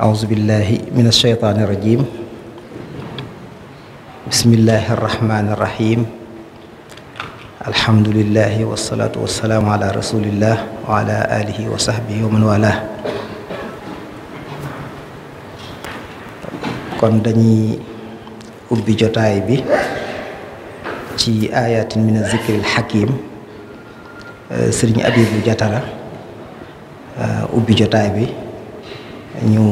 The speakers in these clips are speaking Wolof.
أعوذ بالله من الشيطان الرجيم بسم الله الرحمن الرحيم الحمد لله والصلاة والسلام على رسول الله وعلى آله وصحبه ومن والاه kon dañuy ubbi jotaay bi ci ayatin min zikril hakim sëriñ Abibu Jatara ubbi jotaay bi ñu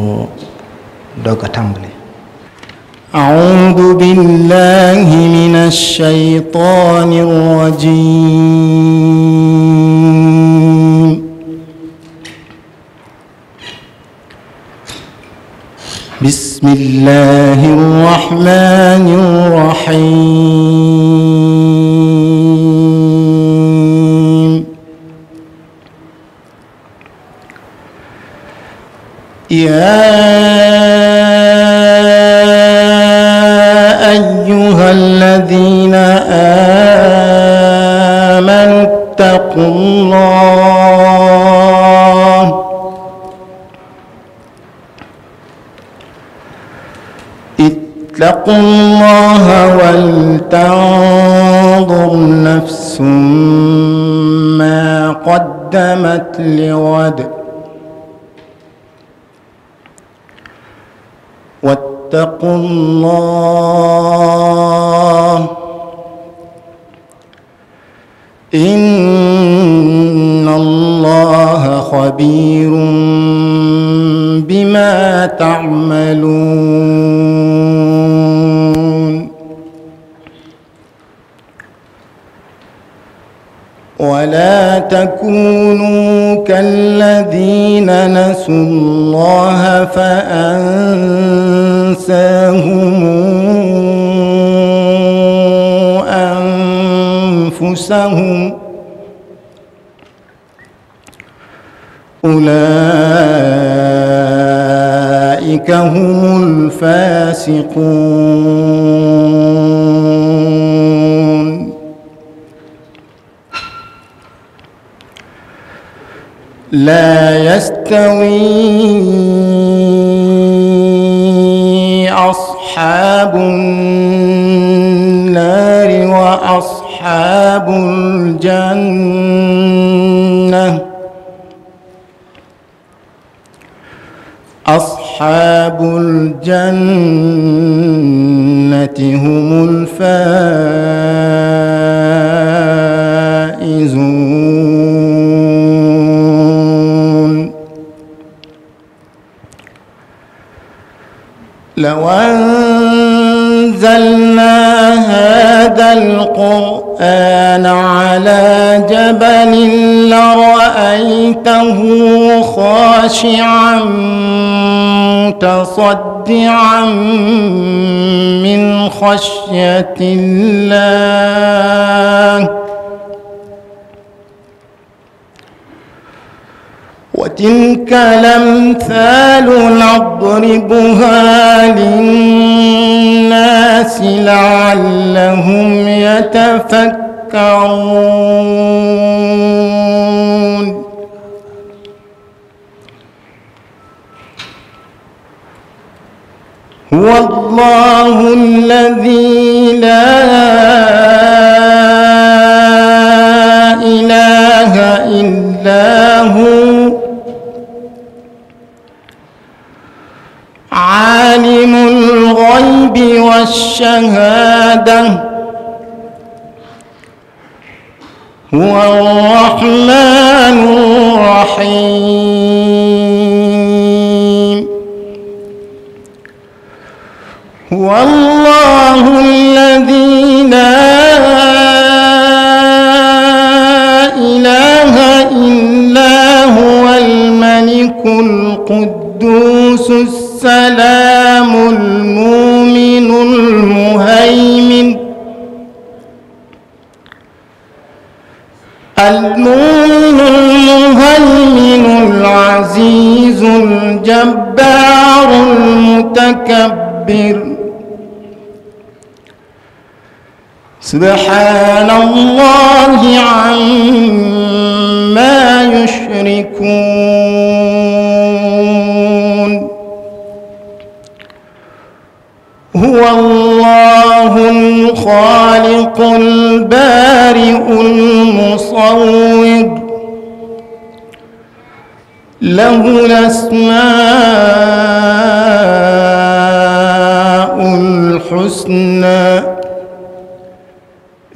doog a tàmbali أعوذ بالله من الشيطان الرجيم بسم الله الرحمن الرحيم اتقوا الله ولتنظر نفس ما قدمت لغد واتقوا الله إن الله خبير بما تعملون ولا تكونوا كالذين نسوا الله فأنساهم أنفسهم أولئك هم الفاسقون لا يستوي أصحاب النار وأصحاب الجنة أصحاب الجنة هم الفائزون وجهه خاشعا متصدعا من خشية الله وتلك الأمثال نضربها للناس لعلهم يتفكرون هو الله الذي لا إله إلا هو عالم الغيب والشهادة هو الرحمن الرحيم والله الذي لا إله إلا هو الملك القدوس السلام المؤمن المهيمن المؤمن المهيمن العزيز الجبار المتكبر سبحان الله عما يشركون هو الله الخالق البارئ المصور له الاسماء الحسنى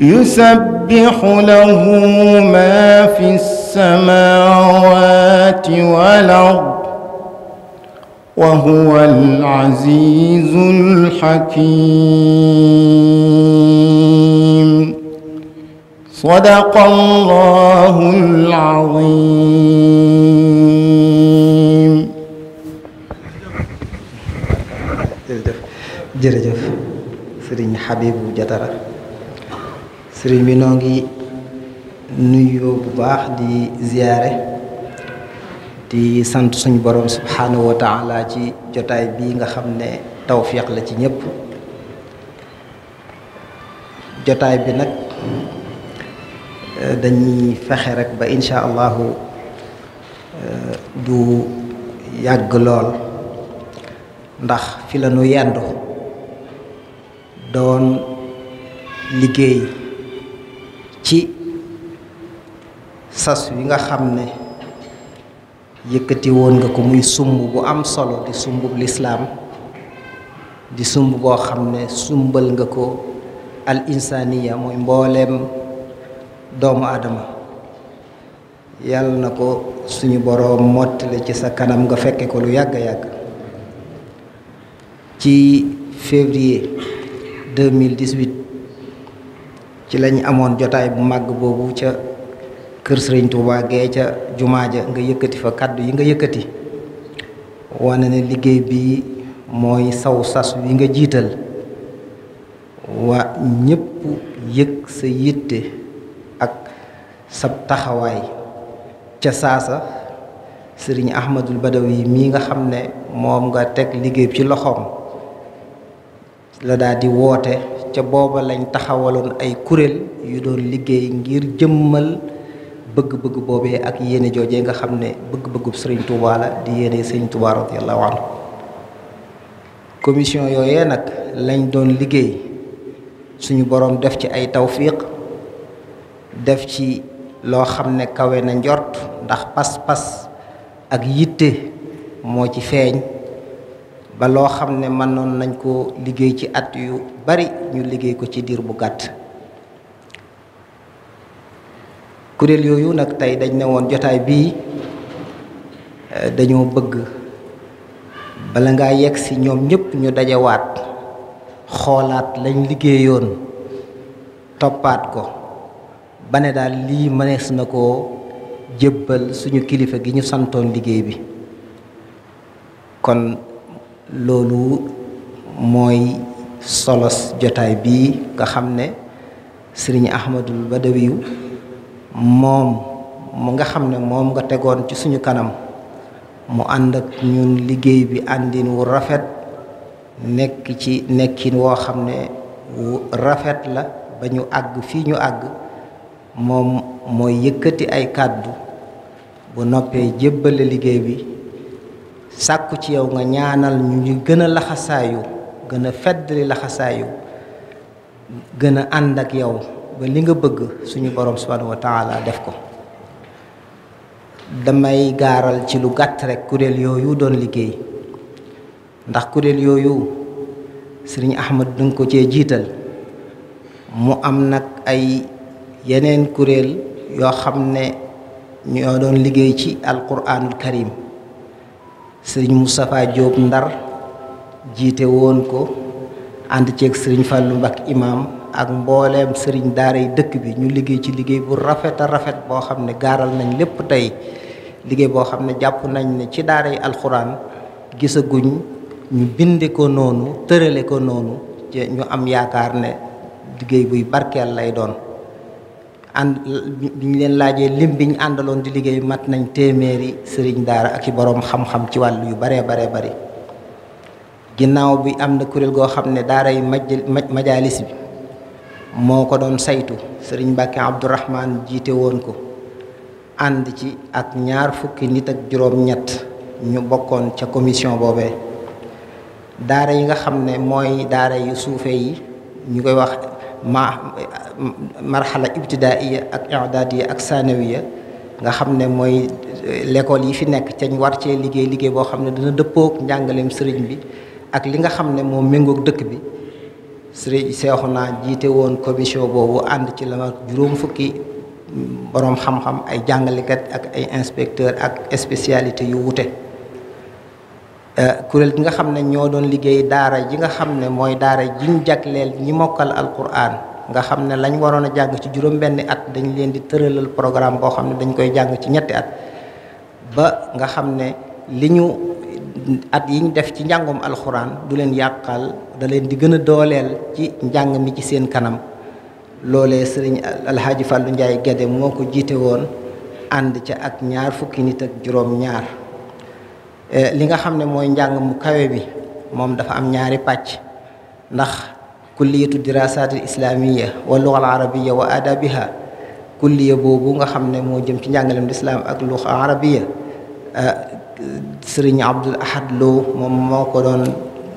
يسبح له ما في السماوات والأرض وهو العزيز الحكيم صدق الله العظيم jërëjëf jërëjëf Serigne Habibou Diatara sëriñ bi noo ngi nuyoo bu baax di ziyaare di sant suñu borom subhanahu wa ci jotaay bii nga xam ne tawfiq la ci ñëpp jotaay bi nag dañuy fexe rek ba incha bu yàgg lool ndax fi la ñu yendu doon liggéey ci sas wi nga xam ne yëkkati woon nga ko muy sumb bu am solo di sumbub lislaam di sumb boo xam ne sumbal nga ko al insaniya mooy mbooleem doomu aadama yàlla na ko suñu boroom mottale ci sa kanam nga fekke ko lu yàgg yàgg ci février ci lañu amoon jotaay bu màgg boobu ca kër sëriñ Touba gee ca jumaa ja nga yëkkati fa kàddu yi nga yëkkati wane ne liggéey bi mooy saw sas wi nga jiital waa ñépp yëg sa yitte ak sab taxawaay ca saasa sëriñ Ahmadul yi mii nga xam ne moom nga teg liggéey bi ci loxoom la daal woote ca booba lañ taxawaloon ay kuréel yu doon liggéey ngir jëmmal bëgg-bëgg boobee ak yéene joojee nga xam ne bëgg-bëggub sëriñ Touba di yéene sëriñ Touba radiyallahu anhu commission yooyee nag lañ doon liggéey suñu boroom def ci ay tawfiq def ci loo xam ne kawe na njort ndax pas-pas ak yitte moo ci feeñ ba loo xam ne mënoon nañ ko liggéey ci at yu bari ñu liggéey ko ci diir bu gàtt kuréel yooyu nag tey dañ ne woon jotaay bii eh, dañoo bëgg bala ngaa yegg ci ñoom ñëpp ñu dajawaat xoolaat lañ liggéeyoon toppaat ko ba ne daal lii mënees na ko jébbal suñu kilifa gi ñu santoon liggéey bi kon loolu mooy solos jotaay bii nga xam ne sëriñ ahmadul badawiyu moom mu nga xam ne moom nga tegoon ci suñu kanam mu ànd ak ñun liggéey bi àndin wu rafet nekk ci nekkin woo xam ne wu rafet la ba ñu àgg fii ñu àgg moom mooy yëkkati ay kàddu bu noppee jébbale liggéey bi sàkku ci yow nga ñaanal ñu gën a laxasaayu gën a feddali laxasaayu gën a ànd ak yow ba li nga bëgg suñu borom subhanahu wa taala def ko damay gaaral ci lu gàtt rek kuréel yooyu doon liggéey ndax kuréel yooyu sëriñ Ahmad danga ko cee jiital mu am nag ay yeneen kuréel yoo xam ne ñoo doon liggéey ci alquranul karim sëriñ Moustapha Diop Ndar jiite woon ko ànd ceeg sëriñ Fallou Mbak imam ak mbooleem sëriñ daara yi dëkk bi ñu liggéey ci liggéey bu rafet a rafet boo xam ne gaaral nañ lépp tey liggéey boo xam ne jàpp nañ ne ci daara yi alxuraan gisaguñu ñu binde ko noonu tërale ko noonu ñu am yaakaar ne liggéey buy barkeel lay doon ànd ñu leen laajee lim bi ñu àndaloon di liggéey mat nañ téeméeri sëriñ daara ak i boroom xam-xam ci wàll yu baree baree bari ginnaaw bi am na kuréel goo xam ne daara yi majaalis bi moo ko doon saytu sëriñ Mbàkke Abdourahman jiite woon ko ànd ci ak ñaar fukki nit ak juróom-ñett ñu bokkoon ca commission boobee daara yi nga xam ne mooy daara yu suufee yi ñu koy wax ma marxala ibtidaaiya ak di ak sanawiya nga xam ne mooy eh, lekkool yi fi nekk ceñ war cee liggéey liggéey boo xam ne dina dëppook njàngaleem sëriñ bi ak li nga xam ne moo méngoog dëkk bi sëriñ naa jiite woon commission boobu ànd ci la juróom fukki boroom xam-xam ay jàngalekat ak ay inspecteur ak spécialité yu wute Euh, kuréel gi nga xam ne ñoo doon liggéey daara ji nga xam ne mooy daara ji jagleel ñi mokkal alquran nga xam ne lañ waroon a jàng ci juróom-benni at dañ leen di tëralal programme boo xam ne dañ koy jàng ci ñetti at ba nga xam ne li ñu at yi ñu def ci njàngum alxuraan du leen yàqal da leen di gën a dooleel ci njàng mi ci seen kanam loole sëriñ alxaaji Fàllu Njaay Gédé moo ko jiite woon ànd ca ak ñaar fukki nit ak juróom ñaar Eh, li nga xam ne mooy njàng mu kawe bi moom dafa am ñaari pàcc ndax kulliyatu dirasaat al islamiya wa luga arabiya wa adabiha kulliya boobu nga xam ne moo jëm ci njàngalem lislaam ak luga arabiya eh, sëriñ Abdul Ahad Lo moom moo ko doon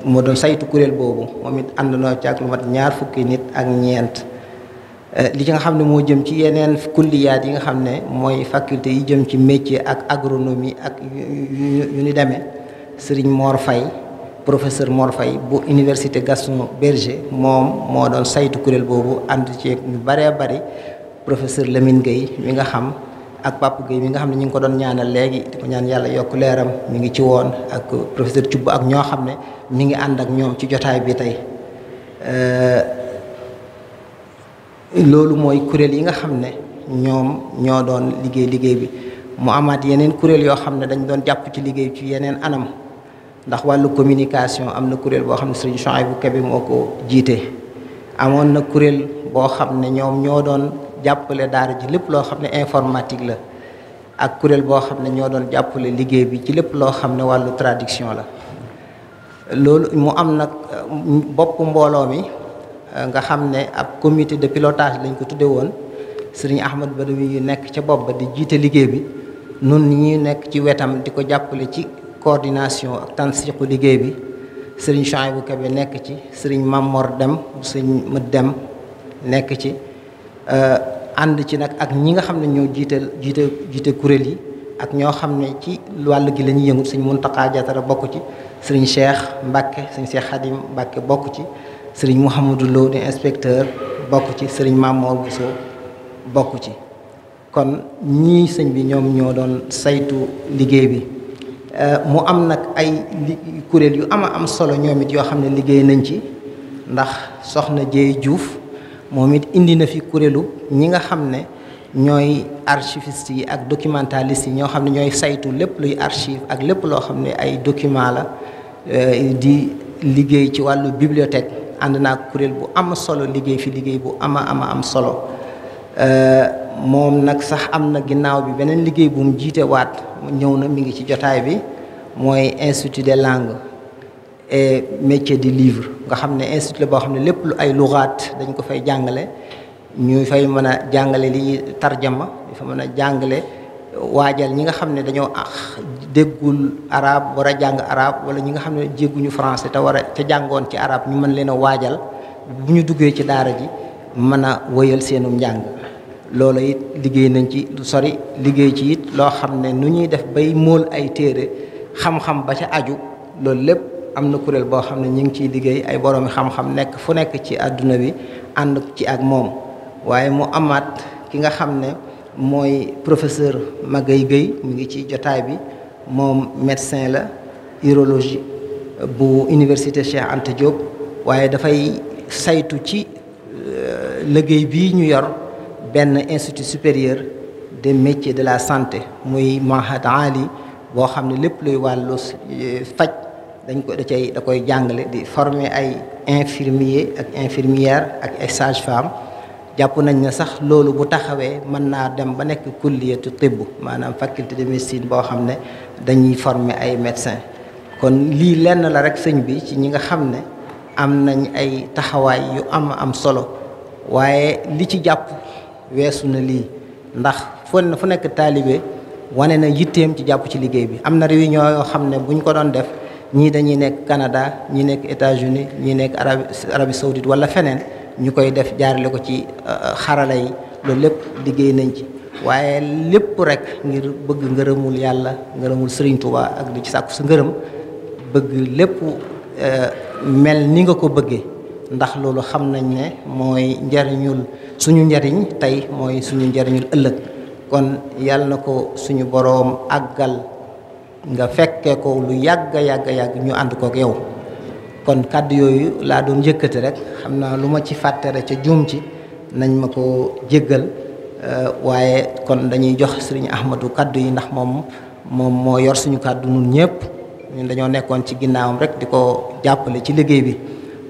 moo doon saytu kuréel boobu moom it ànd noo ci ak lu mat ñaar fukki nit ak ñeent Euh, li nga xam ne moo jëm ci yeneen kulliyaat yi nga xam ne mooy faculté yi jëm ci métier ak agronomie ak yu ni demee sëriñ Mor Faye professeur Mor Faye bu université Gaston Berger moom moo doon saytu kuréel boobu ànd ci ñu baree bari professeur Lamine Gueye mi nga xam ak Pape Gueye mi nga xam ne ñu ngi ko doon ñaanal léegi di ko ñaan yàlla yokk leeram mi ngi ci woon ak professeur Thioub ak ñoo xam ne mi ngi ànd ak ñoom ci jotaay bi tey. Euh, loolu mooy kuréel yi nga xam ne ñoom ñoo doon liggéey liggéey bi mu amaat yeneen kuréel yoo xam ne dañ doon jàpp ci liggéey ci yeneen anam ndax wàllu communication am na kuréel boo xam ne sëriñ Chouaïbou Kébé moo ko jiite. amoon na kuréel boo xam ne ñoom ñoo doon jàppale daara ji lépp loo xam ne informatique la ak kuréel boo xam ne ñoo doon jàppale liggéey bi ci lépp loo xam ne wàllu tradition la loolu mu am nag bopp mbooloo mi. nga xam ne ab commité de pilotage lañ ko tudde woon sëriñ Ahmad Badawi yu nekk ca bopp ba di jiite liggéey bi nun ñuy nekk ci wetam di ko jàppale ci coordination ak tansiqu liggéey bi sëriñ Chouaïbou Kébé nekk ci sëriñ Mamor Dem sëriñ Mët Dem nekk ci euh, ànd ci nag ak ñi nga xam ne ñoo jiite jiite jiite kuréel yi ak ñoo xam ne ci wàll gi la ñuy yëngut sëriñ Muntaqa Jatara bokk ci sëriñ Cheikh Mbàkke sëriñ Cheikh Xadim Mbàkke bokk ci sëriñ Mouhamadou Lo di inspecteur bokk ci sëriñ Mamor Bousso bokk ci kon ñii sëñ bi ñoom ñoo doon saytu liggéey bi euh, mu am nag ay kuréel yu ama am solo ñoom it yoo xam ne liggéey nañ ci ndax soxna Jéey Juuf moom it indi na fi kuréelu ñi nga xam ne ñooy archiviste yi ak documentaliste yi ñoo xam ne ñooy saytu lépp luy archive ak lépp loo xam ne ay document la euh, di liggéey ci wàllu bibliothèque ànd naa kuréel bu am solo liggéey fi liggéey bu ama ama am solo euh, moom nag sax am na ginnaaw bi beneen liggéey bu mu jiite waat ñëw na mi ngi ci jotaay bi mooy institut des langues et métier du livre nga xam ne institut la boo xam ne lépp lu ay luxaat dañ ko fay jàngale ñu fay mën a jàngale li tarjama dafa mën a jàngale waajal ñi nga xam ne dañoo déggul arab war a jàng araab wala ñi nga xam ne jégguñu français te war a te jàngoon ci arab ñu mën leen a waajal bu ñu duggee ci daara ji mën a wëyal seenu njàng loola it liggéey nañ ci lu sori liggéey ci it loo xam ne nu ñuy def bay mool ay téere xam-xam ba ca aju loolu lépp am na kuréel boo xam ne ñu ngi ciy liggéey ay boroomi xam-xam nekk fu nekk ci àdduna bi ànd ci ak moom waaye mu amaat ki nga xam ne mooy professeur Magaye Gueye mu ngi ci jotaay bi moom médecin la urologie bu université Cheikh Anta waaye dafay saytu ci euh, liggéey bii ñu yor benn institut supérieur de métiers de la santé muy Mahad Ali boo xam ne lépp luy wàllu euh, faj dañ ko da cay da koy jàngale di former ay infirmier ak infirmière ak ay sage jàpp nañ ne sax loolu bu taxawee mën naa dem ba nekk kulliyatu tibb maanaam faculté de médecine boo xam ne dañuy former ay médecins kon lii lenn la rek sëñ bi ci ñi nga xam ne am nañ ay taxawaay yu am am solo waaye li ci jàpp weesu na lii ndax fu fu nekk taalibe wane na yitteem ci jàpp ci liggéey bi am na réunion yoo xam ne buñ ko doon def ñii dañuy nekk Canada ñii nekk États-Unis ñii nekk Arabie Saoudite wala feneen ñu koy def jaarale ko ci euh, euh, xarala yi loolu lépp liggéey nañ ci waaye lépp rekk ngir bëgg ngërëmul yàlla ngërëmul Serigne Touba ak di ci sàkku su ngërëm bëgg lépp euh, mel ni nga ko bëggee ndax loolu xam nañ ne mooy njariñul suñu njariñ tey mooy suñu njariñul ëllëg kon yàlla na ko suñu boroom àggal nga fekke ko lu yàgg yàgg yàgg ñu ànd kook yow kon kàddu yooyu laa doon yëkkati rek xam naa lu ma ci fàttare ca juum ci nañ ma ko jéggal euh, waaye kon dañuy jox sëriñ Ahmadou kàddu yi ndax moom moom moo yor suñu kàddu nun ñëpp ñun dañoo nekkoon ci ginnaawam rek di ko jàppale ci liggéey bi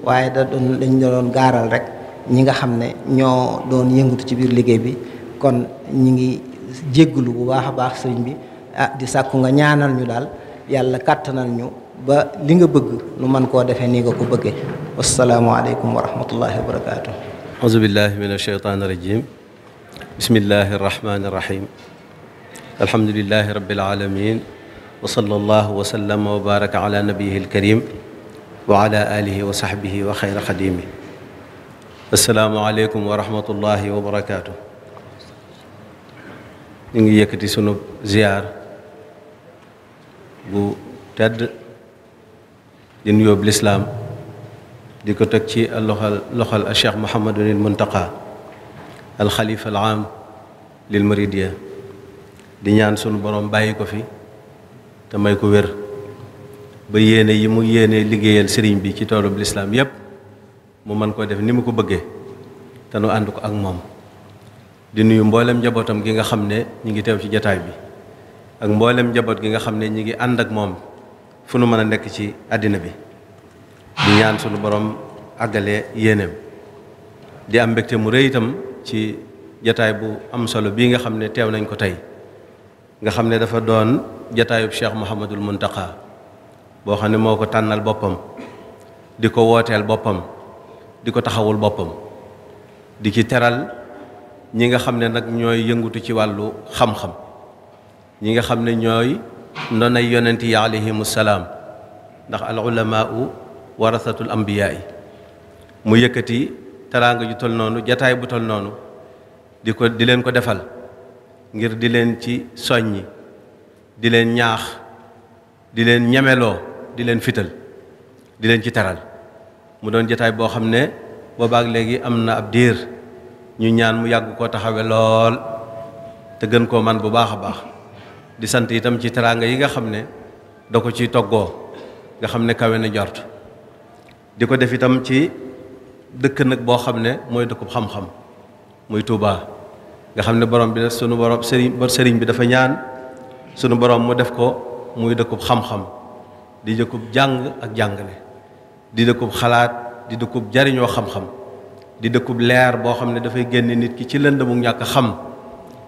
waaye da doon gaaral rek ñi nga xam ne ñoo doon yëngatu ci biir liggéey bi kon ñi ngi jéggalu bu baax a baax sëriñ bi ah di sàkku nga ñaanal ñu daal yàlla kàttanal ñu ba li nga bëgg nu man koo defee nii nga ko bëggee wasalaamualeykum wa rahmatullahi wa barakaatu. auzu billahi min asheytaani rajim bismillahi rahmaani rahim alhamdulilahi rabbil alamin wa sallallahu wa sallama wa baraka ala nabiyihi alkarim wa ala alihi wa sahbihi wa xayra xadimi asalaamualeykum wa rahmatullahi wa barakaatu. ñu ngi yëkkati sunu ziyaar bu tedd di nuyoob lislaam di ko teg ci loxal loxal al cheikh Mouhamadul Muntaqa al xalifa al aam lil muridiya di ñaan sunu borom bàyyi ko fi te may ko wér ba yéene yi mu yéene liggéeyal sëriñ bi ci toolub lislaam yépp mu mën koo def ni mu ko bëggee te nu ànd ko ak moom di nuyu mboolem njabootam gi nga xam ne ñu ngi teew ci jataay bi ak mboolem njaboot gi nga xam ne ñu ngi ànd ak moom fu nu mën a nekk ci àddina bi di ñaan sunu boroom àggale yéeneem di am mbégte mu rëy itam ci jataay bu am solo bii nga xam ne teew nañ ko tey nga xam ne dafa doon jataayub Cheikh Mouhamadul Muntaqa boo xam ne moo ko tànnal boppam di ko wooteel boppam di ko taxawul boppam di ki teral ñi nga xam ne nag ñooy yëngutu ci wàllu xam-xam ñi nga xam ne ñooy ndonay yonent yi aleyhimu salaam ndax al ulamaau warasatul ambiyaay mu yëkkati teraanga ju tol noonu jataay bu tol noonu di ko di leen ko defal ngir di leen ci soññi di leen ñaax di leen ñemeloo di leen fital di leen ci teral mu doon jataay boo xam ne boobaak léegi am na ab diir ñu ñaan mu yàgg koo taxawe lool te gën koo man bu baax a baax di sant itam ci teraanga yi nga xam ne da ko ciy toggoo nga xam ne kawe na jort di ko def itam ci dëkk nag boo xam ne mooy dëkkub xam-xam muy Touba nga xam ne borom bi def sunu borom sëriñ bi dafa ñaan sunu borom mu def ko muy dëkkub xam-xam di dëkkub jàng ak jàngale di dëkkub xalaat di jariñoo xam-xam di dëkkub leer boo xam ne dafay génne nit ki ci lënd lëndëmu ñàkk xam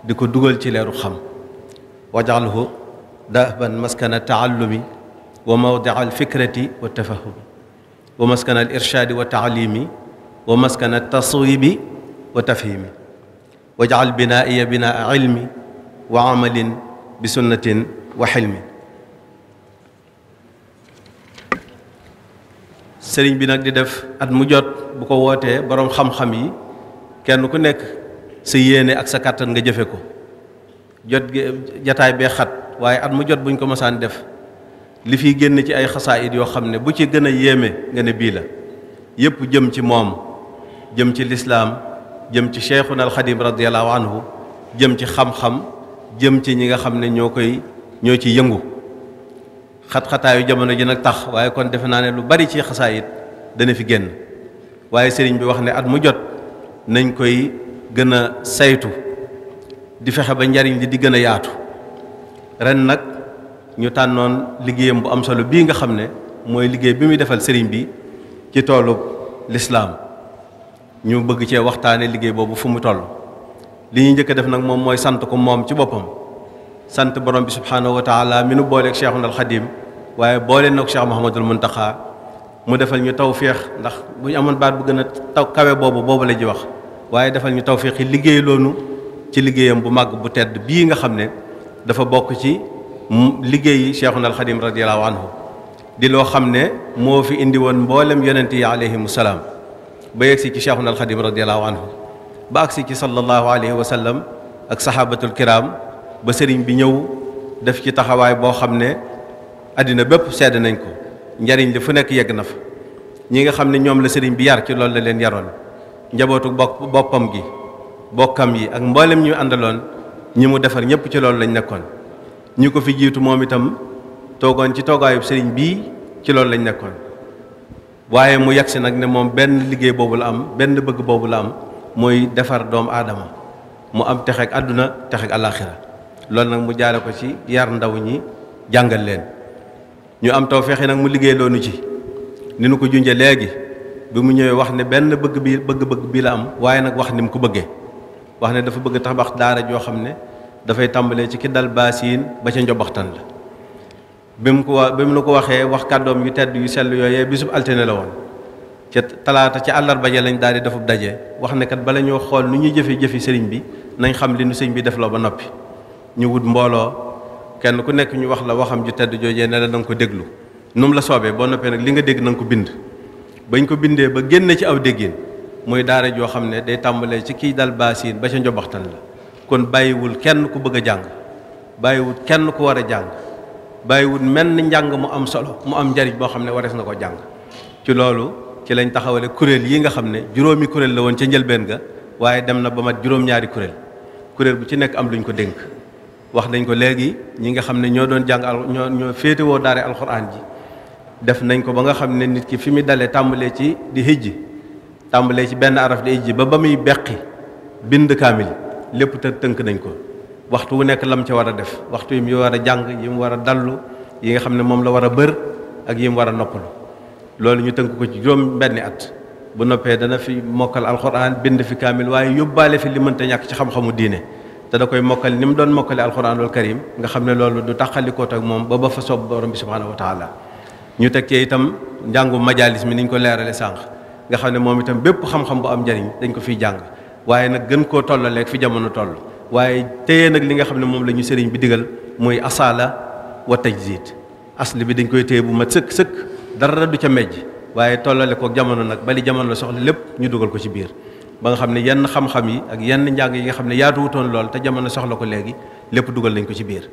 di ko dugal ci leeru xam wajalhu dahban maskana taallumi wa mawdia alfikrati wa tafahumi wa maskana alirshadi wa taalimi wa maskana taswibi wa tafhimi wajal binaaiya binaa ilmi wa amalin bi sunnatin wa xilmi sëriñ bi nag di def at mu jot bu ko woote boroom xam-xam yi kenn ku nekk si yéene ak sa kàttan nga jafe ko jot gi jataay bee xat waaye at mu jot buñ ko mosaan def li fiy génn ci ay xasaa it yoo xam ne bu ci gën a yéeme nga ne bii la yépp jëm ci moom jëm ci lislaam jëm ci cheikhuna alxadim radiallahu anhu jëm ci xam-xam jëm ci ñi nga xam ne ñoo koy ñoo ci yëngu xat-xataayu jamono ji nag tax waaye kon defe naa ne lu bari ci xasaayit dana fi génn waaye sëriñ bi wax ne at mu jot nañ koy gën a saytu di fexe ba njariñ li di gën a yaatu ren nag ñu tànnoon liggéeyam bu am solo bii nga xam ne mooy liggéey bi muy defal sëriñ bi ci toolu lislaam ñu bëgg cee waxtaane liggéey boobu fu mu toll li ñu njëkk def nag moom mooy sant ko moom ci boppam sant borom bi subhaanahu wa taala mi nu booleeg Cheikhul Xadim waaye boole na ko Cheikh Mouhamadul Muntaxa mu defal ñu tawféex ndax bu ñu amoon baat bu gën a taw kawe boobu boobu la ji wax waaye defal ñu tawféex ci liggéeyam bu màgg bu tedd bii nga xam ne dafa bokk ci liggéeyi Cheikhuna al Xadim radiyallahu di loo xam ne moo fi indi woon mboolem yonent yi alayhimu salaam ba yegsi ci Cheikhuna al Xadim radiyallahu anhu ba agsi ci sallallahu alayhi wa ak saxaabatul kiram ba sëriñ bi ñëw def ci taxawaay boo xam ne àddina bépp sedd nañ ko njariñ li fu nekk yegg na fa ñi nga xam ne ñoom la sëriñ bi yar ci loolu la leen yaroon njabootu boppam gi bokkam yi ak mboolem ñu àndaloon ñi mu defar ñëpp ci loolu lañ nekkoon ñi ko fi jiitu moom itam toogoon ci toogaayub sëriñ bii ci loolu lañ nekkoon waaye mu yegsi nag ne moom benn liggéey boobu la am benn bëgg boobu la am mooy defar doomu aadama mu am texeeg àdduna texeeg àllaaxira loolu nag mu jaare ko ci yar ndaw ñi jàngal leen ñu am taw fexe nag mu liggéey loonu ci ni nu ko junje léegi bi mu ñëwee wax ne benn bëgg bi bëgg-bëgg bi la am waaye nag wax ni ko bëggee wax ne dafa bëgg tabax daara joo xam ne dafay tàmbalee ci ki dal baasiin ba ca njobaxtan la bi mu ko wa bi mu la ko waxee wax kàddoom yu tedd yu sell yooyee bisub altine la woon ca talaata ca àllarba ja lañ daal di defub daje wax ne kat bala ñoo xool nu ñuy jëfe jëfi sëriñ bi nañ xam li nu sëriñ bi def la ba noppi ñu wut mbooloo kenn ku nekk ñu wax la waxam ju tedd joojee ne la na ko déglu nu la soobee boo noppee nag li nga dégg na ko bind bañ ko bindee ba génn ci aw déggin mooy daara joo xam ne day tàmbalee ci kii dal baasin ba ca njobaxtan la kon bàyyiwul kenn ku bëgg a jàng bàyyiwul kenn ku war a jàng bàyyiwul menn njàng mu am solo mu am njariñ boo xam ne warees na ko jàng ci loolu ci lañ taxawale kuréel yi nga xam ne juróomi kuréel la woon ca njëlbeen ga waaye dem na ba mat juróom-ñaari kuréel kuréel bu ci nekk am luñ ko dénk wax nañ ko léegi ñi nga xam ne ñoo doon jàng ñoo ñoo féetewoo daara alxuraan ji def nañ ko ba nga xam ne nit ki fi mu dalee tàmbalee ci di hijji tàmbalee ci benn araf day ji ba ba muy beqi bind kaamil lépp te tënk nañ ko waxtu wu nekk lam ca war a def waxtu yi mu war a jàng yi mu war a dallu yi nga xam ne moom la war a bër ak yi mu war a noppalu loolu ñu tënk ko ci juróom benni at bu noppee dana fi mokkal alxuraan bind fi kaamil waaye yóbbaale fi li mënta ñàkk ci xam-xamu diine te da koy mokkal ni mu doon mokkale alxuraanul karim nga xam ne loolu du taxalikoot ak moom ba ba fa soob borom bi subhaanahu wa taala ñu tekkee itam njàngu majalis niñ ko leerale sànq nga xam ne moom itam bépp xam-xam bu am njariñ dañ ko fiy jàng waaye nag gën koo tollaleeg fi jamono toll waaye téye nag li nga xam ne moom la ñu sëriñ bi digal mooy asaala wa tajdiid asli bi dañ koy téye bu mat sëkk sëkk dara du ca mejj waaye tollale ko jamono nag bali jamono soxla lépp ñu dugal ko ci biir ba nga xam ne yenn xam-xam yi ak yenn njàng yi nga xam ne yaatuwutoon lool te jamono soxla ko léegi lépp dugal nañ ko ci biir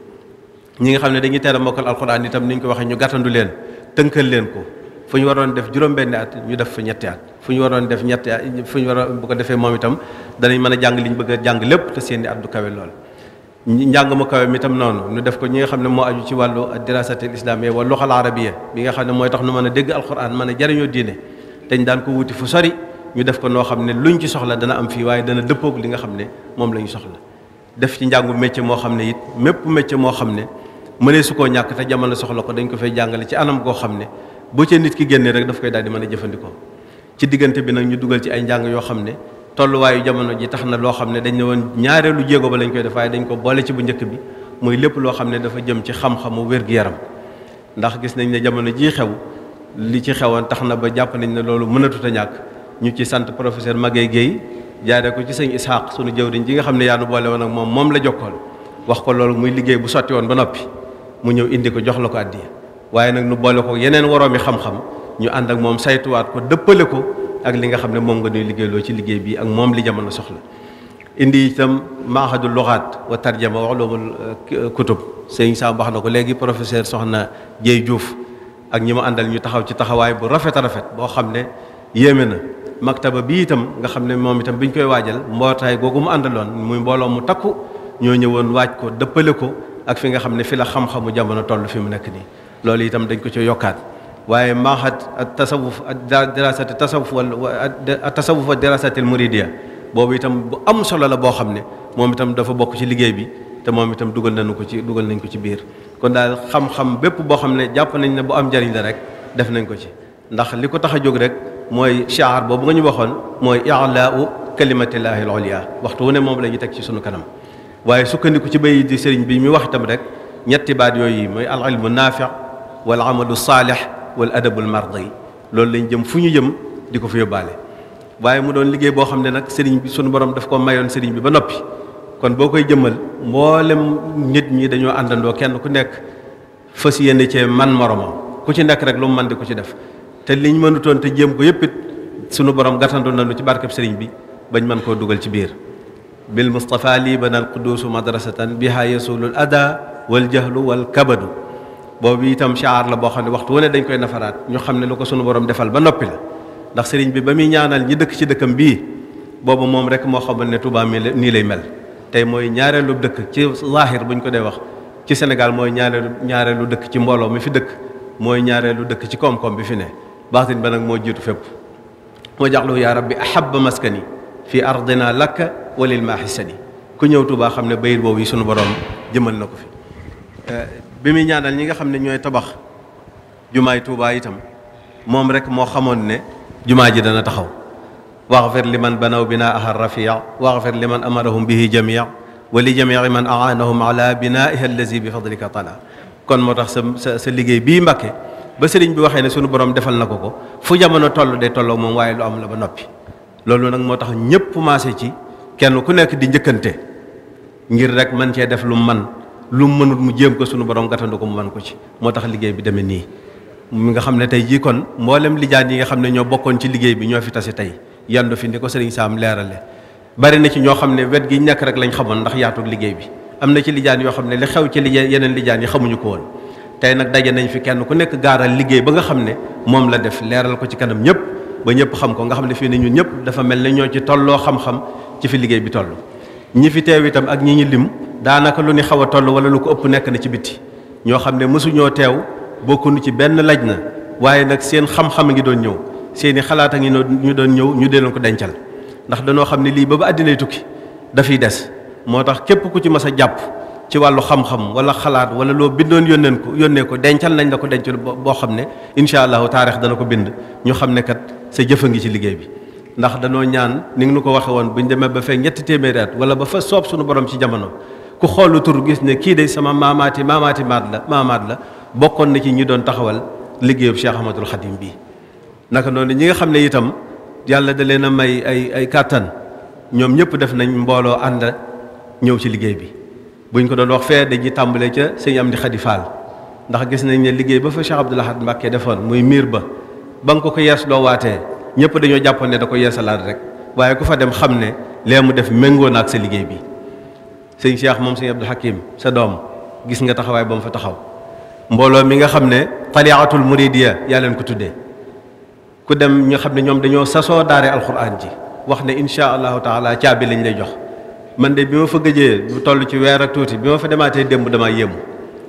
ñi nga xam ne dañuy teel a mokkal alxuraan itam ni ñu ko waxee ñu gàttandu leen tënkal leen ko fu ñu waroon def juróom-benni at ñu def fa ñetti at fu ñu waroon def ñetti at fu ñu waroon bu ko defee moom itam danañ mën a jàng liñ bëgg a jàng lépp te seen at du kawe lool. njàng mu kawe itam noonu nu def ko ñi nga xam ne moo aju ci wàllu dirasatil islamiyya wala luxal arabiyya bi nga xam ne mooy tax nu mën a dégg alquran mën a jariñoo diine dañ daan ko wuti fu sori ñu def ko noo xam ne lu ñu ci soxla dana am fii waaye dana dëppoog li nga xam ne moom la ñu soxla def ci njàngu métier moo xam ne it mépp métier moo xam ne mënee su koo ñàkk te jamono soxla ko dañ ko fay jàngale ci anam goo xam ne bu ca nit ki génnee rek dafa koy daal di mën a jëfandikoo ci diggante bi nag ñu dugal ci ay njàng yoo xam ne tolluwaayu jamono ji tax na loo xam ne dañu ne woon ñaareelu jéego ba lañ koy def waaye dañ ko boole ci bu njëkk bi mooy lépp loo xam ne dafa jëm ci xam-xamu wér-gu-yaram ndax gis nañ ne jamono jii xew li ci xewoon tax na ba jàpp nañ ne loolu mënatut ñàkk ñu ci sant profeseur Maguette Guèye jaaree ko ci sëñ Ishaq sunu jëw jëwriñ ji nga xam ne yaa nu boole woon moom moom la jokkoon wax ko loolu muy liggéey bu sotti woon ba noppi mu ñëw indi ko jox la waaye nag nu boole ko yeneen woroomi xam-xam ñu ànd ak moom saytuwaat ko dëppale ko ak li nga xam ne moom nga nuy liggéeyloo ci liggéey bi ak moom li jamono soxla indi itam mahadul luxaat wa tarjama wax loomul euh, kutub sëñ Sam wax na ko léegi professeur soxna Dieye juuf ak ñi ma àndal ñu taxaw ci taxawaay bu rafet a rafet boo xam ne yéeme na maktaba bi itam nga xam ne moom itam bi ñu koy waajal mbootaay googu mu àndaloon muy mbooloo mu takku ñoo ñëwoon waaj ko dëppale ko ak fi xam ne fi la xam jamono toll fi mu nekk nii loolu itam dañ ko ci yokkaat waaye maaxat ak tasawuf ak dirasati tasawuf wala tasawuf ak dirasati muridiya boobu itam bu am solo la boo xam ne moom itam dafa bokk ci liggéey bi te moom itam dugal nañu ko ci dugal nañ ko ci biir kon daal xam-xam bépp boo xam ne jàpp nañ ne bu am njariñ la rek def nañ ko ci ndax li ko tax a jóg rek mooy shaar boobu nga ñu waxoon mooy i'laa'u kalimatillahi al-ulya waxtu wu ne moom la ñu teg ci sunu kanam waaye sukkandiku ci bay di sëriñ bi mi wax itam rek ñetti baat yooyu mooy al ilmu naafi' wal amalu saalix wal adabul mardi loolu lañ jëm fu ñu jëm di ko fi yóbbaale waaye mu doon liggéey boo xam ne nag sëriñ bi sunu borom daf ko mayoon sëriñ bi ba noppi kon boo koy jëmmal mboolem nit ñi dañoo àndandoo kenn ku nekk fas yéene cee man moromam ku ci nekk rek lu mu man di ko ci def te liñ mënutoon te jéem ko yëpp it sunu borom na lu ci barkeb sëriñ bi bañ mën koo dugal ci biir bil mustapha lii banal quduusu madrasatan biha yasulul ada wal jahlu wal kabadu boobu itam shaar la boo xam ne waxtu wu dañ koy nafaraat ñu xam ne lu ko sunu borom defal ba noppi la ndax sëriñ bi ba muy ñaanal ñi dëkk ci dëkkam bii boobu moom rek moo xamal ne Touba mi nii lay mel tey mooy ñaareelu dëkk ci zaahir buñ ko dee wax ci Sénégal mooy ñaareelu ñaareelu dëkk ci mbooloo mi fi dëkk mooy ñaareelu dëkk ci koom-koom bi fi ne baatin ba nag moo jiitu fépp moo jaxlu yaa rabbi ahabba maskani fii ardina lakka walil maaxisani ku ñëw Touba xam ne bayit boobu yi sunu borom jëmal na ko fi bi muy ñaanal ñi nga xam ne ñooy tabax jumaay Tuubaa itam moom rek moo xamoon ne jumaa ji dana taxaw waxfir li man banaw binaaha rafia waxfir li man amarahum bihi jamia wa li jamii man aanahum ala binaiha allazi bi fadlika tala kon moo tax sa sa sa liggéey bii Mbàkke ba sëriñ bi waxee ne sunu borom defal na ko ko fu jamono tollu day tolloo moom waaye lu am la ba noppi loolu nag moo tax ñëpp maase ci kenn ku nekk di njëkkante ngir rek man cee def lu man lu mu mënut mu jéem ko sunu borom gàttandu ko mu man ko ci moo tax liggéey bi demee nii mi nga xam ne tey jii kon mboolem lijaan yi nga xam ne ñoo bokkoon ci liggéey bi ñoo fi tasi tey yandu fi ni ko sëriñ Saam leerale bari na ci ñoo xam ne wet gi ñàkk rek lañ xamoon ndax liggéey bi am na ci lijaan yoo xam ne li xew ci li yeneen lijaan yi xamuñu ko woon tey nag daje nañ fi kenn ku nekk gaaral liggéey ba nga xam ne moom la def leeral ko ci kanam ñëpp ba ñëpp xam ko nga xam ne fii ne ñun ñëpp dafa mel ne ñoo ci tolloo xam-xam ci fi liggéey bi toll ñi fi teew itam daanaka lu ni xaw a toll wala lu ko ëpp nekk na ci bitti ñoo xam ne mësuñoo teew bokkunu ci benn laj na waaye nag seen xam-xam a ngi doon ñëw seeni xalaat a ngi ñu doon ñëw ñu dee leen ko dencal ndax danoo xam ne lii ba ba àddinay tukki dafiy des moo tax képp ku ci mas a jàpp ci wàllu xam wala xalaat wala loo bindoon yónneen ko yónnee ko dencal nañ la ko dencal boo xam ne incha allahu taarix dana ko bind ñu xam ne kat sa jëf a ngi ci liggéey bi ndax danoo ñaan ni nga nu ko waxe woon buñ demee ba fekk ñetti téeméeri at wala ba fa soob suñu borom ci jamono ku xoolu tur gis ne kii day sama maamaati maamaati maat la maamaat la bokkoon na ci ñi doon taxawal liggéeyub Cheikh Ahmadul Xadim bi naka noonu ñi nga xam ne itam yàlla da leen a may ay ay kàttan ñoom ñëpp def nañ mbooloo ànd ñëw ci liggéey bi buñ ko doon wax fee dañuy tàmbalee ca sëñ Amdi Xadi Faal ndax gis nañ ne liggéey ba fa Cheikh Abdoul Ahad Mbacke defoon muy miir ba ba nga ko ko yees loo waatee ñëpp dañoo jàppoon ne da ko yeesalaat rek waaye ku fa dem xam ne lee mu def méngoo na ak liggéey bi sëñ Cheikh moom sëñ Abdou Hakim sa doom gis nga taxawaay ba mu fa taxaw mbooloo mi nga xam ne taliatul muridiya yaa leen ko tuddee ku dem ñu xam ne ñoom dañoo sasoo daare alxuraan ji wax ne incha allahu taala caabi lañ lay jox man de bi ma fa gëjee bu toll ci weer ak tuuti bi ma fa demaatee démb damaa yéemu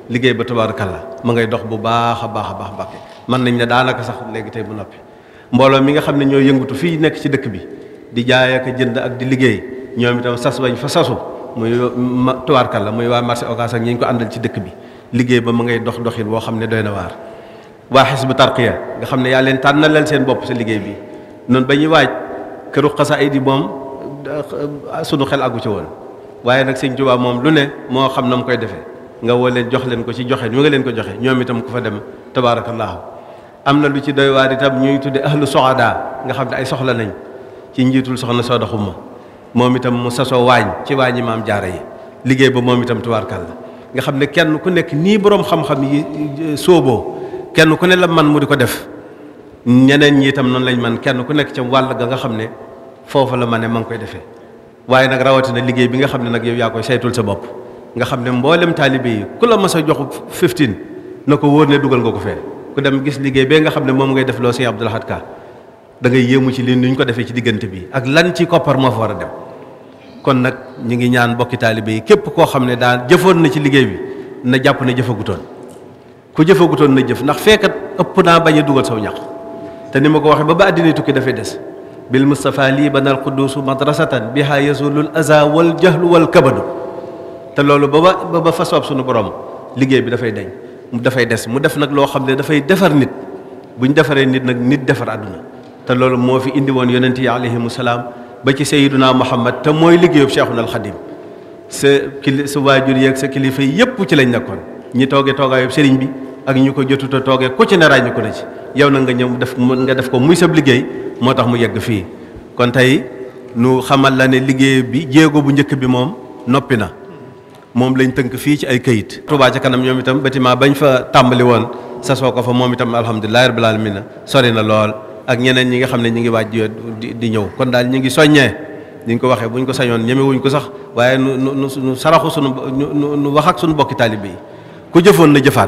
liggéey ba tabaarakalla mu ngay dox bu baax a baax a baax Mbàkke mën nañ ne daanaka sax léegi tey bu noppi mbooloo mi nga xam ne ñoo yëngatu fii nekk ci dëkk bi di jaay ak jënd ak di liggéey ñoom itam sas bañ fa sasu muy tuwaarkal la muy waa marché Ocass ak ñi ko àndal ci dëkk bi liggéey ba mu ngay dox doxin woo xam ne doy na waar waa xisbu tarqiya nga xam ne yaa leen tànnalal seen bopp sa liggéey bi noonu ba ñuy waaj këru xasaayid yi moom euh, sunu xel àggu ci woon waaye nag sëñ Tuubaa moom lu ne moo xam na mu koy defee nga woo leen jox leen ko ci joxe ñu nga leen ko joxe ñoom itam ku fa dem tabaarakallaahu am na lu ci doy waar itam ñuy tudde ahlu soxadaa nga xam ne ay soxla nañ ci njiitul soxna soo doxuma moom itam mu sasoo waañ ci waañi maam jaara yi liggéey ba moom itam tubaarkal la nga xam ne kenn ku nekk nii boroom xam-xam yi sóoboo kenn ku ne la man mu di ko def ñeneen ñi itam noonu lañ man kenn ku nekk ci wàll ga nga xam ne foofu la ma ne ma ngi koy defee waaye nag rawatina liggéey bi nga xam ne nag yow yaa koy saytul sa bopp nga xam ne mboolem taalibe yi ku la mas a joxu fifteen na ko wóor ne dugal nga ko fee ku dem gis liggéey bee nga xam ne moom ngay def loo sëñ Abdou Lahad da ngay yéemu ci lii ni ñu ko defee ci diggante bi ak lan ci koppar moo fa war a dem kon nag ñu ngi ñaan bokki taalibe yi képp koo xam ne daal jëfoon na ci liggéey bi na jàpp na jëfagutoon ku jëfagutoon na jëf ndax feekat ëpp naa bañ dugal saw ñax te ni ma ko waxee ba ba àddina tukki dafay des bil mustapha lii banal quduusu madrasatan biha yazulul aza wal jahlu wal kabadu te loolu ba ba ba fa soob suñu borom liggéey bi dafay dañ dafay des mu def nag loo xam ne dafay defar nit bu defaree nit nag nit defar àdduna te loolu moo fi indi woon yonent yi alayhimu salaam ba ci sayyiduna muhammad te mooy liggéeyub Cheikhul Khadim sa kili sa waajur yeeg sa kilifa yëpp ci lañ nekkoon ñi toogee toogaayub sëriñ bi ak ñu ko jotuta toogee ku ci ne ràññi ko na ci yow na nga ñëw def nga def ko muy sab liggéey moo tax mu yegg fii kon tey nu xamal la ne liggéey bi jéego bu njëkk bi moom noppi na moom lañ tënk fii ci ay këyit Touba ca kanam ñoom itam bâtiment bañ fa tàmbali woon sa ko fa moom itam alhamdulilahi rabbil alamin na sori na lool ak ñeneen ñi nga xam ne ñu ngi waaj di ñëw kon daal ñu ngi soññee ni ñu ko waxee bu ñu ko sañoon ñemewuñ ko sax waaye nu nu nu saraxu sunu nu wax ak sunu bokki taalib yi ku jëfoon na jëfaat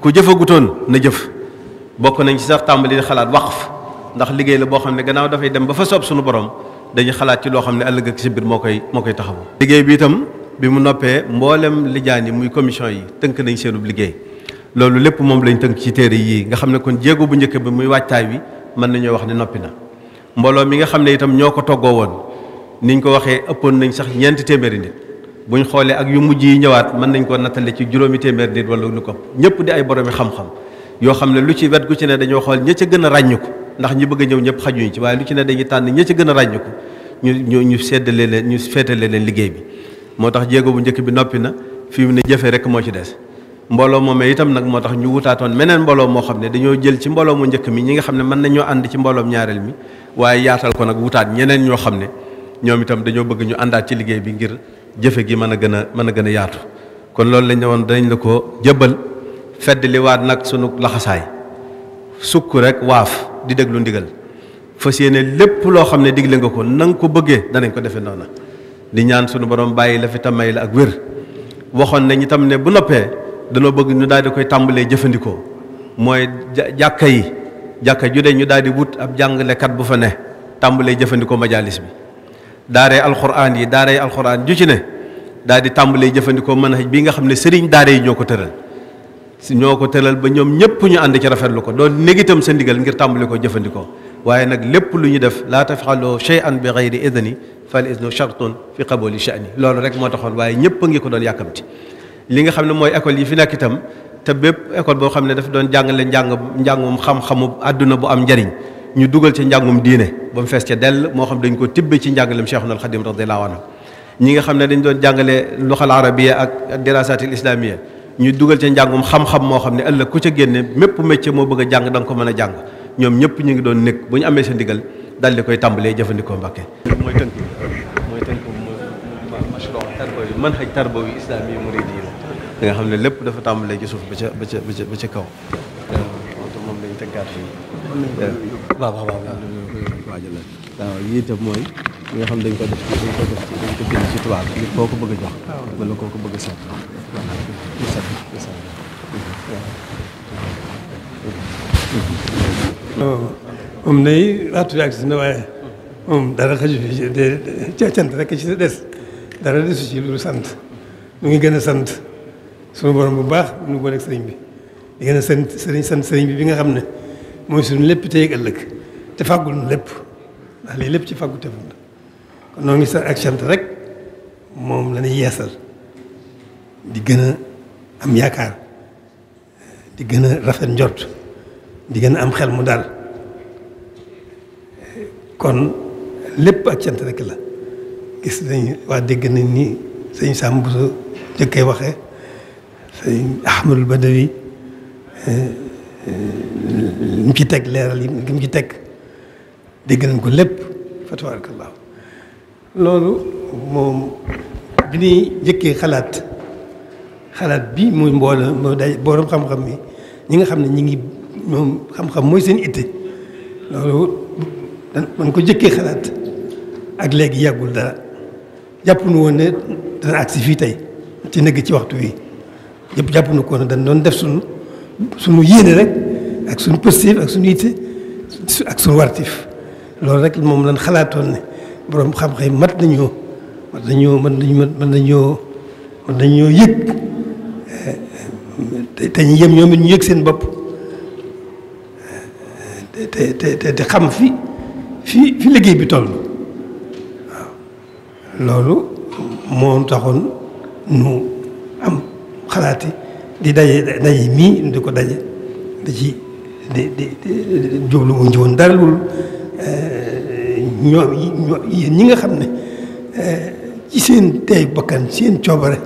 ku jëfagutoon na jëf bokk nañ ci sax tàmbali xalaat waqf ndax liggéey la boo xam ne gannaaw dafay dem ba fa soob sunu borom dañuy xalaat ci loo xam ne ëllëg ak si moo koy moo koy taxawu. liggéey bi itam bi mu noppee mboolem lijaan yi muy commission yi tënk nañ seenub liggéey loolu lépp moom lañ tënk ci téere yii nga xam ne kon jéego bu njëkk bi muy waajtaay wi mën nañoo wax ne noppi na mbooloo mi nga xam ne itam ñoo ko toggoo woon ni niñ ko waxee ëppoon nañ sax ñeenti téeméeri nit buñ xoolee ak yu mujj yi ñëwaat mën nañ ko nattale ci juróomi téeméeri nit wala lu ko ñëpp di ay boroomi xam-xam yoo xam ne lu ci wet gu ci ne dañoo xool ña ca gën a ràññu ndax ñi bëgg a ñëw ñëpp xajuñ ci waaye lu ci ne dañuy tànn ña ca gën a ràññu ñu ñu ñu seddale leen ñu féetale leen liggéey bi moo tax jéego bu njëkk bi noppi na fi mu ne jëfe moo ci des mbooloo moomee itam nag moo tax ñu wutaatoon meneen mbooloo moo xam ne dañoo jël ci mbooloo mu njëkk mi ñi nga xam ne mën nañoo ànd ci mbooloom ñaareel mi waaye yaatal ko nag wutaat ñeneen ñoo xam ne ñoom itam dañoo bëgg ñu àndaat ci liggéey bi ngir jëfe gi mën a gën a mën a gën a yaatu kon loolu lañ woon danañ la ko jëbbal fedd li waat nag sunu laxasaay sukk rek waaf di déglu ndigal fas yéene lépp loo xam ne digle nga ko na ko bëggee danañ ko defee noona di ñaan sunu borom bàyyi la fi tamay la ak wér waxoon nañ itam ne bu noppee danoo bëgg ñu daal di koy tàmbalee jëfandikoo mooy jàkka yi jàkka ju de ñu daal di wut ab jàngalekat bu fa ne tàmbalee jëfandikoo majalis bi daaree alxuraan yi daaree alxuraan ju ci ne daal di tàmbalee jëfandikoo manhaj bii nga xam ne sëriñ daare yi ñoo ko tëral si ñoo ko tëral ba ñoom ñëpp ñu ànd ci rafetlu ko doon négitam sa ndigal ngir tàmbale ko jëfandikoo waaye nag lépp lu ñu def laata laa tafxaloo shay'an bi gayri idni fal idnu shartun fi qaboli sha'ni loolu rek moo taxoon waaye ñëpp ngi ko doon yàkkamti li nga xam ne mooy école yi fi nekk itam te bépp école boo xam ne dafa doon jàngale njàng njàngum xam-xamu àdduna bu am njariñ ñu dugal ci njàngum diine ba mu fees ca dell moo xam dañ ko tibbe ci njàngalem Cheikhuna al Xadim radiyallahu anhu ñi nga xam ne dañ doon jàngale luxal arabiya ak dirasatil islamiya ñu dugal ca njàngum xam-xam moo xam ne ëllëg ku ca génne mépp métier moo bëgg a jàng danga ko mën a jàng ñoom ñëpp ñu ngi doon nekk bu ñu amee sa ndigal dal di koy tàmbalee jëfandikoo Mbàkke mooy tënk mooy tënk manhaj tarbawi da nga xam ne lépp dafa tàmbalee ci suuf ba ca ba ca ba ca kaw. moom lañ tëggaat fii. waaw waaw yii itam mooy li nga xam dañ def ci dañ ko def ci ko bind ci tubaab bi koo ko bëgg a jox. wala koo ko bëgg a seet. moom day waxtu bi na waaye moom dara xaju fi de cant des dara desu ci lu sant mu ngi gën a sant sunu borom bu baax nu booleeg sëriñ bi di gën a sant sëriñ sant sëriñ bi bi nga xam ne mooy suñu lépp tey ak ëllëg te fàggul nu lépp ndax lii lépp ci fàggu tefam la kon noo ngi sa ak rek moom la ñuy yeesal di gën a am yaakaar di gën a rafet njort di gën a am xel mu daal kon lépp ak rek la gis nañ waa dégg nañ ni sëñ Samb bu sa jëkkee waxee sëriñ Ahmadul Badawi li mu ci teg leeral yi mu ci teg dégg nañ ko lépp fa tabarakallah loolu moom bi ñuy njëkkee xalaat xalaat bi muy mbooloo mooy day borom xam-xam yi ñi nga xam ne ñi ngi moom xam-xam mooy seen ite loolu man ko njëkkee xalaat ak léegi yàggul dara jàpp nu woon ne dana agsi fii tey ci nëgg ci waxtu wi yëpp jàpp na ko ne dañ doon def suñu suñu yéene rek ak suñu positif ak suñu yitte ak suñu wartif loolu rek moom lañ xalaatoon ne borom xam-xam mat nañoo mat nañoo mën nañu mën nañoo mën nañoo yëg te te ñu yëm ñoom it ñu yëg seen bopp te te te xam fi fi fi liggéey bi toll waaw loolu moo taxoon nu am. xalaati di daje daje mii di ko daje di ci di di jublu wuñ ci woon dara loolu eh, ñoom yéen ñi nga xam ne eh, ci seen tey bakkan seen coobare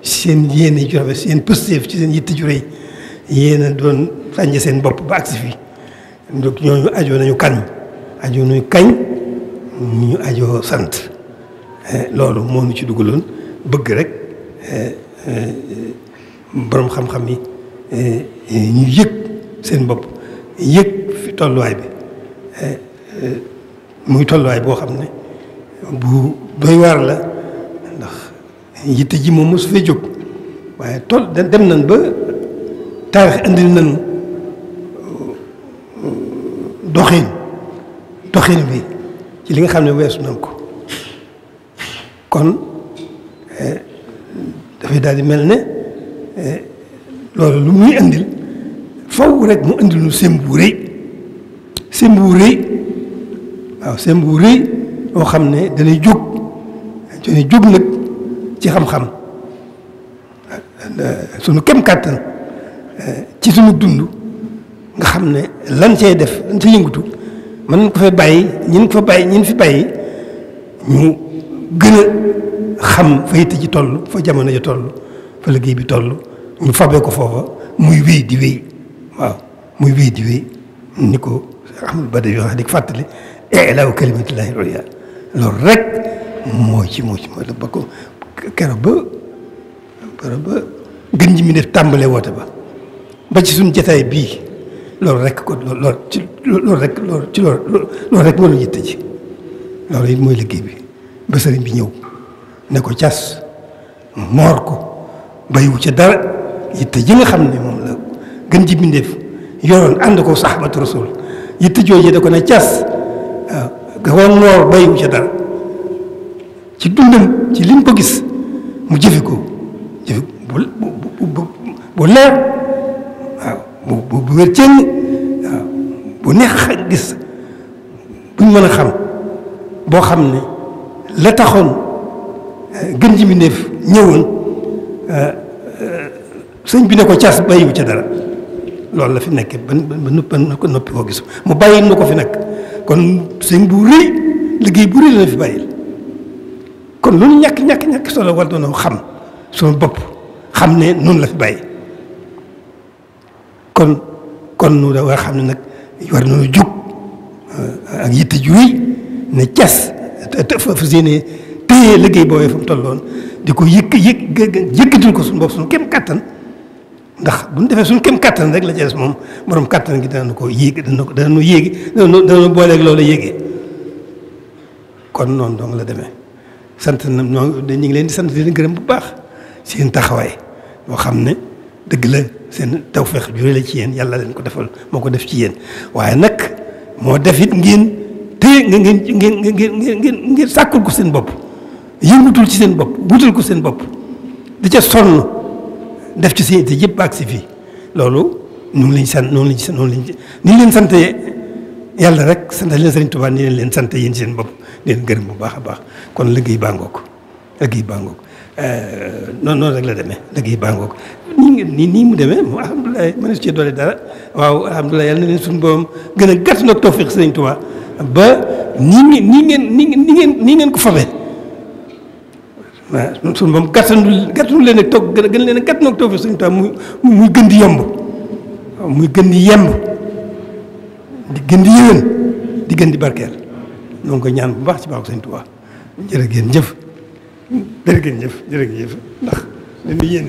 seen yéene ju rafet seen pësteef ci seen yitte ju rëy yéen a doon sànni seen bopp ba agsi fii donc ñooñu ajoo nañu kañ ajoo nañu kañ ñu ajoo sant eh, loolu moo ñu ci dugaloon bëgg rek Euh, euh, boroom xam-xam yi euh, ñu yëg seen bopp yëg fi tolluwaay bi muy tolluwaay boo xam ne bu doy waar la ndax yitte ji moom mosu fee jóg waaye toll dem nañ ba taarix indil nañ doxin doxin bi ci li nga xam ne weesu nañ ko kon dafay daal di mel ne eh, loolu lu muy andil faw rek mu andil nu sémb bu rëy sémb waaw sémb bu loo xam ne danay jóg danay jóg nag ci xam-xam eh, sunu kem kàttan eh, ci sumu dund nga xam ne lan cee def lan ci yëngatu mën ko fa bàyyi ñin ko fa bàyyi ñin fi bàyyi ñu gën a xam fa yitte ji toll fa jamono ji toll fa liggéey bi toll ñu fabe ko foofa muy wéy di wéy waaw muy wéy di wéy ni ko amul ba day wax di fàttali ilaahu kalimatillahi al-ulya loolu rek moo ci moo ci moo la ba ko woote ba ba ci suñu loolu rek ko loolu loolu ci loolu rek moo mooy liggéey bi ba sëriñ bi ñëw ne ko cas moor ko bayiwu ca dara yitte ji xam ne moom la gën ji bindeef yoroon ko saxbatu rasul yitte jooju da ko ne cas waaw ga woon moor bayiwu ca dara ci dundam ci lim ko gis mu jëfe ko jëfe bu bu leer waaw bu wér ceeñ waaw bu neex gis buñ mën a xam boo xam ne la taxoon eh, gën ji mbindéef ñëwoon eh, eh, sëñ bi ne ko cas bàyyiwu ca dara loolu la fi nekk ban ban ban noppi koo gis mu bàyyi nu ko fi nekk kon sëñ bu rëy liggéey bu rëy la fi bàyyil kon lu ñu ñàkk ñàkk ñàkk solo war doonoo xam suñu bopp xam ne noonu la fi bàyyi kon kon nu da war xam ne nag war nañu jóg ak yitte ju ne cas fas yéene téye liggéey boobee fa mu tolloon di ko yëkk yëkk yëkkatil ko suñu bopp suñu kem kattan ndax bu ñu defee suñu kem kattan rek la ca des moom borom kattan gi danañ ko yéeg dana ko danañu yéegi danañu danañu booleeg loolu yéegee kon noonu dong la deme sant na ñoo ñu ngi leen di sant leen gërëm bu baax seen taxawaay boo xam ne dëgg la seen tawfeex jure la ci yéen yàlla leen ko defal moo ko def ci yéen waaye nag moo def it ngir ngir ngir ngir ngir ngir sàkkul ko seen bopp yëngatul ci seen bopp wutal ko seen bopp di ca sonn def ci seen te yëpp ak si fii loolu ñu ngi leen sant noonu lañ sant noonu ni leen sant yàlla rek sant leen Sëriñ Tuubaa ni leen leen sant yéen seen bopp di leen bu baax a baax kon liggéey baa ngoog liggéey baa ngoog euh, noonu noonu rek la demee liggéey baa ni nii nii nii mu demee alhamdulilah mënees cee doole dara waaw alhamdulilah yàlla na leen suñu borom gën a gàtt nag tawfiq ba nii ngeen nii ngeen nii ngeen nii ngeen ko fabee waaw suñu moom gàttandu gàttandu leen ak toog gën leen ak gàttandu ak toog fi suñu taal muy muy gën di yomb waaw muy gën di yemb di gën di di gën di barkeel ñoo ñaan bu baax ci baaxu Sëñ Tuubaa jërë ngeen jëf jërë ngeen jëf jërë ngeen